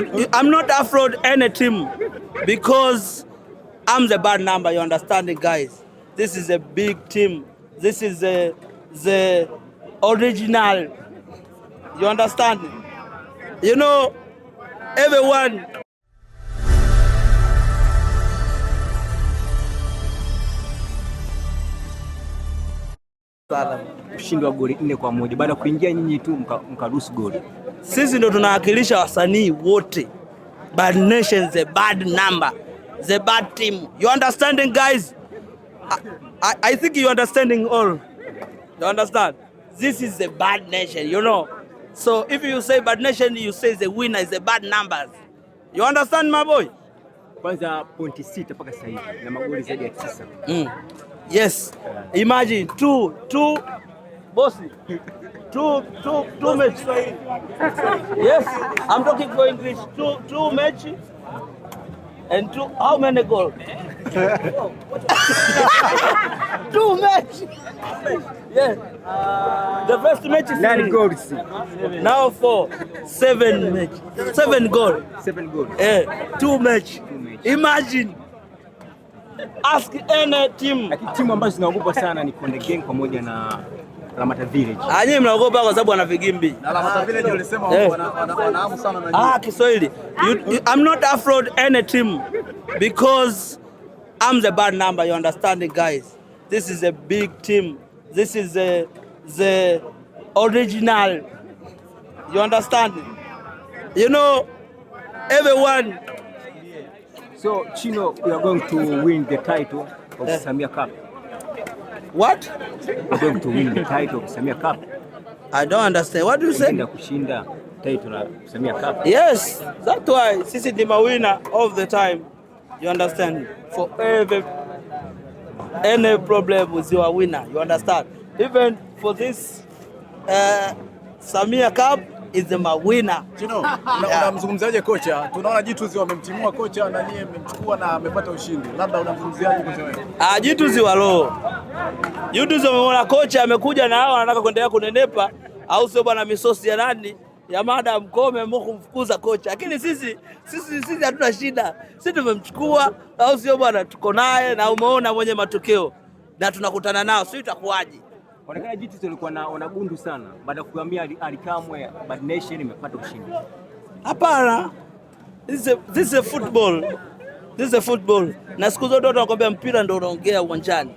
You, I'm not afraid any team because I'm the bad number. You understand it, guys? This is a big team. This is the the original. You understand? You know, everyone Sala ushindi wa goli nne kwa moja baada ya kuingia nyinyi tu mkaruhusu goli. Sisi ndio tunawakilisha wasanii wote, bad nation, the bad number, the bad team. You understanding guys? I, I, I think you understanding all. You understand? This is the bad nation, you know. So if you say bad nation, you say the winner is the bad numbers. You understand my boy? Kwanza pointi sita mpaka sasa hivi na magoli zaidi ya tisa. Mm. Yes. Imagine two two bossy two two two match. Yes, I'm talking for English. Two two match and two how many goal? two match. Yes. The first match is nine goals. Now for seven match. Seven goal. Seven goal. Yeah. Two match. Imagine. ask any team. Lakini timu ambazo zinaogopa sana ni Konde Gang pamoja na Ramata Village. Ah, nyinyi mnaogopa kwa sababu ana vigimbi. Na Ramata Village walisema wao eh. wanaamu sana na nyinyi. Ah, Kiswahili. I'm not afraid any team because I'm the bad number, you understand it, guys. This is a big team. This is the the original. You understand? You know, everyone So Chino, we are going to win the title of eh, Samia Cup. What? We are going to win the title of Samia Cup. I don't understand. What do you say? Kushinda title of Samia Cup. Yes, that's why sisi ni mawinner of the time. You understand? For every any problem with your winner. You understand? Even for this uh, Samia Cup is my winner. Unamzungumziaje kocha? Tunaona Jituzi wamemtimua kocha na niye mmemchukua na amepata ushindi, labda unamzungumziaje kocha wewe? Ah, Jituzi walo Jituzi wamemwona kocha amekuja na hao wanataka kuendelea kunenepa, au sio bwana? Misosi ya nani ya mada mkome kumfukuza kocha, lakini sisi sisi sisi hatuna shida, sisi tumemchukua, au sio bwana? Tuko naye na umeona mwenye matokeo na tunakutana nao, sio itakuwaje? Onekana GT tulikuwa na wanagundu sana baada ya kuambia alikamwe Bad Nation imepata ushindi. Hapana. This is this is a football. This is a football. Na siku zote watu wanakuambia mpira ndio unaongea uwanjani.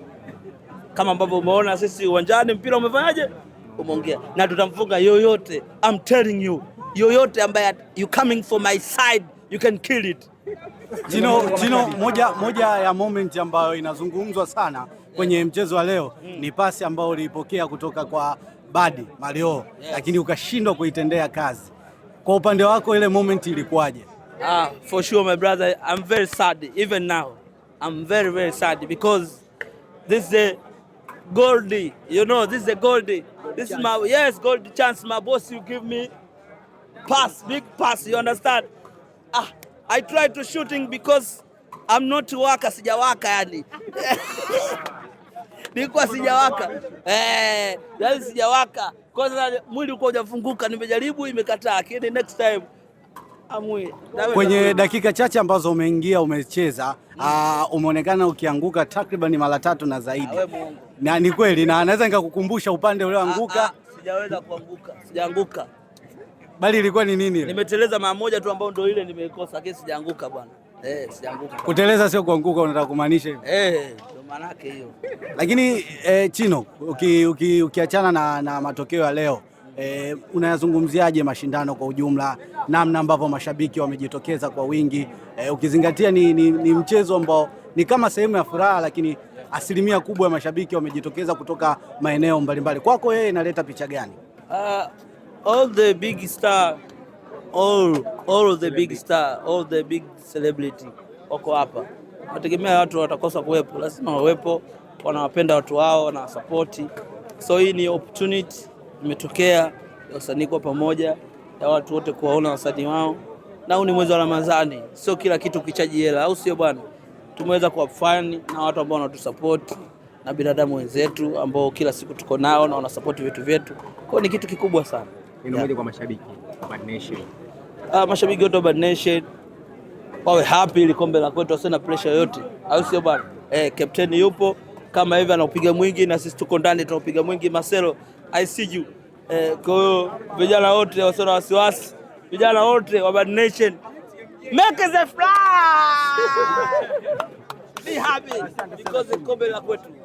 Kama ambavyo umeona sisi uwanjani mpira umefanyaje? Umeongea. Na tutamfunga yoyote. I'm telling you. Yoyote ambaye you coming for my side, you can kill it. Jino, Jino, moja, moja ya moment ambayo inazungumzwa sana kwenye mchezo wa leo ni pasi ambayo uliipokea kutoka kwa Badi Mario, lakini ukashindwa kuitendea kazi. Kwa upande wako ile moment ilikuwaje? Ah, for sure my brother, I'm very sad even now. I'm very very sad because this is a gold, You know, this is a gold. This is my yes, gold chance my boss you give me pass, big pass, you understand? Ah, I tried to shooting because I'm not waka, sijawaka yani nilikuwa sijawaka eh, yani sijawaka kwanza, mwili uko hujafunguka. Nimejaribu imekataa, lakini next time amwe. Kwenye dakika chache ambazo umeingia umecheza, uh, umeonekana ukianguka takriban mara tatu na zaidi, na ni kweli, na naweza nikakukumbusha upande ule anguka. Ah, ah, sijaweza kuanguka, sijaanguka bali ilikuwa ni nini ile? Nimeteleza mara moja tu ambayo ndio ile nimekosa, lakini sijaanguka bwana. Eh, sijaanguka. Kuteleza sio kuanguka, unataka kumaanisha hivyo? Eh, ndio maana yake hiyo. Lakini eh, Chino ukiachana uki, uki na, na matokeo ya leo eh, unayazungumziaje mashindano kwa ujumla, namna ambavyo mashabiki wamejitokeza kwa wingi eh, ukizingatia ni, ni, ni mchezo ambao ni kama sehemu ya furaha, lakini asilimia kubwa ya mashabiki wamejitokeza kutoka maeneo mbalimbali. Kwako yeye inaleta picha gani? Uh, all the big star all all the big star all the big celebrity wako hapa. Nategemea watu watakosa kuwepo, lazima wawepo, wanawapenda watu wao na sapoti. So hii ni opportunity imetokea ya wasanii kwa pamoja, ya watu wote kuwaona wasanii wao, na huu ni mwezi wa Ramadhani. Sio kila kitu kichaji hela, au sio bwana? Tumeweza kuwa fani na watu ambao wanatusapoti na binadamu wenzetu ambao kila siku tuko nao na wanasapoti vitu vyetu, kwao ni kitu kikubwa sana. Neno moja kwa mashabiki Bad Nation. Ah, mashabiki wote wa Bad Nation wawe happy, ili kombe la kwetu, wasio na pressure yoyote, au sio bwana? Eh, captain yupo kama hivi anaupiga mwingi na sisi tuko ndani tunaupiga mwingi. Marcelo I see you. Eh, kwa hiyo vijana wote wasio na wasiwasi, vijana wote wa Bad Nation make the fly. Be happy because kombe la kwetu